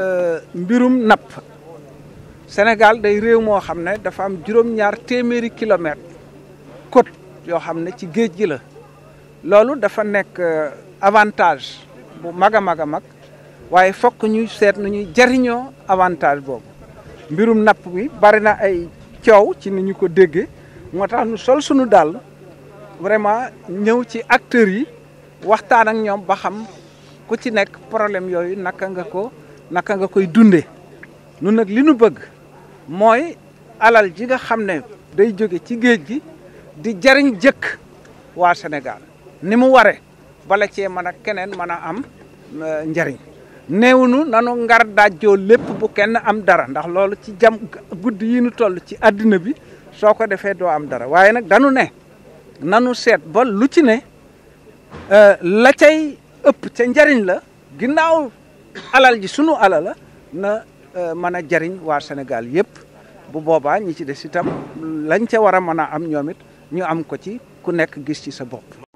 Euh, mbirum napp Sénégal day réew moo xam ne dafa am juróom-ñaar téeméeri kilomètre côte yoo xam ne ci géej gi la loolu dafa nekk euh, avantage bu mag a mag a mag waaye fokk ñuy seet nañuy jariñoo avantage boobu mbirum napp bi bari na ay coow ci ni ñu ko déggee moo tax nu sol sunu daal vraiment ñëw ci acteurs yi waxtaan ak ñoom ba xam ku ci nekk problème yooyu naka nga ko naka nga koy dunde nun nag li nu bëgg mooy alal ji nga xam ne day jóge ci géej gi di jariñ jëkk waa Sénégal ni mu ware bala cee mën a keneen mën a am euh, njariñ néew nu nanu ngar dajjoo lépp bu kenn am dara ndax loolu ci jam guddi yi nu toll ci àddina bi soo ko defee doo am dara waaye nag danu ne nanu seet ba lu ci ne euh, la cay ëpp ca njariñ la ginnaaw alal ji sunu alal la na eh, mën a jariñ waa Sénégal yëpp bu boobaa ñi ci des itam lañ ca war a mën a am ñoomit ñu am ko ci ku nekk gis ci sa bopp.